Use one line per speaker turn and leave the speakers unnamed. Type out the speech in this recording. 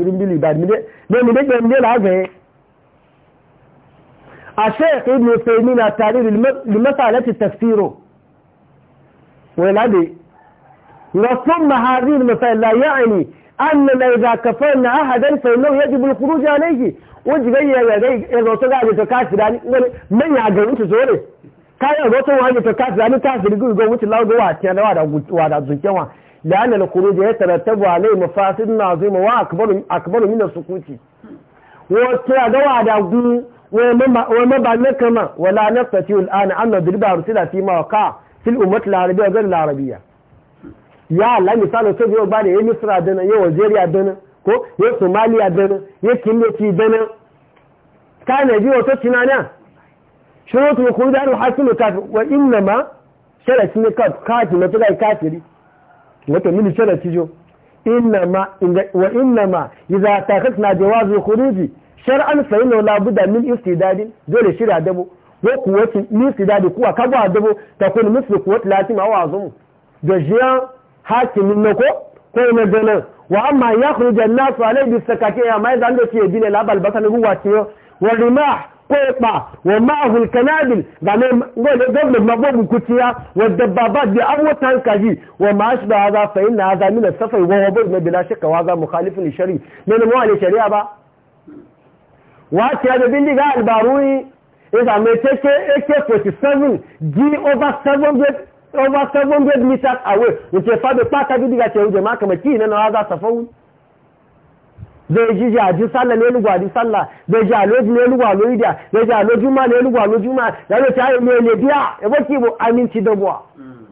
irin bili ba ne mu dake mu la ga a sheikh ibn taymin at-tarir li tafsir wa ladi wa thumma hadhihi masail la ya'ni anna la idha kafarna ahadan fa innahu yajib al-khuruj alayhi ya ga ero to ga to ya ga mutu zore kai ero to wa ga to kafira ni kafiri go lawo wa tiya wa da wa da لأن الخروج يترتب عليه مفاسد عظيمة وأكبر أكبر من السكوت وكي دوا داغو وما بانكما ولا نستطيع الآن أن نضرب أمثلة فيما وقع في الأمة العربية وغير العربية يا الله مثال سوف يوبالي يا مصر أدنى يا وزيريا أدنى ko ya somaliya dana ya killaci dana ka na biyu wata tunaniya shirotu da kuri da alhassinu kafin wa inna ma sharashi ne kafin na turai kafiri wato mini sharati jo innama wa innama idza takatna jawazu khuruji shar'an fa inna la budda min istidadi dole shira dabo ko kuwatin min istidadi kuwa ka ba dabo ta kun misli kuwat latima wa azum da jiya hakimin nako ko na gana wa amma yakhruju an-nas alayhi bi ya mai zan da ce bi ne labal basan ruwa ce wa rimah kwaiba wa ma'ahul kanabil ga ne gole gwamnan magobu kuciya wadda baba da abuwata hankali wa ma da haza fa'in na haza mina safai wa wabar na bila shakka wa za mukhalifin shari ne na mawa shari'a ba ce da bindiga albaruni is a mai take ak-47 g over 700 over 700 meters away wuce fado pata bindiga ce wuce makamaki na na haza safawu zai ji jaji sallah ne lugwa di sallah zai ji ne lugwa loida zai ji alojuma ne lugwa lojuma zai ji ayo ne biya ya baki bu aminci da buwa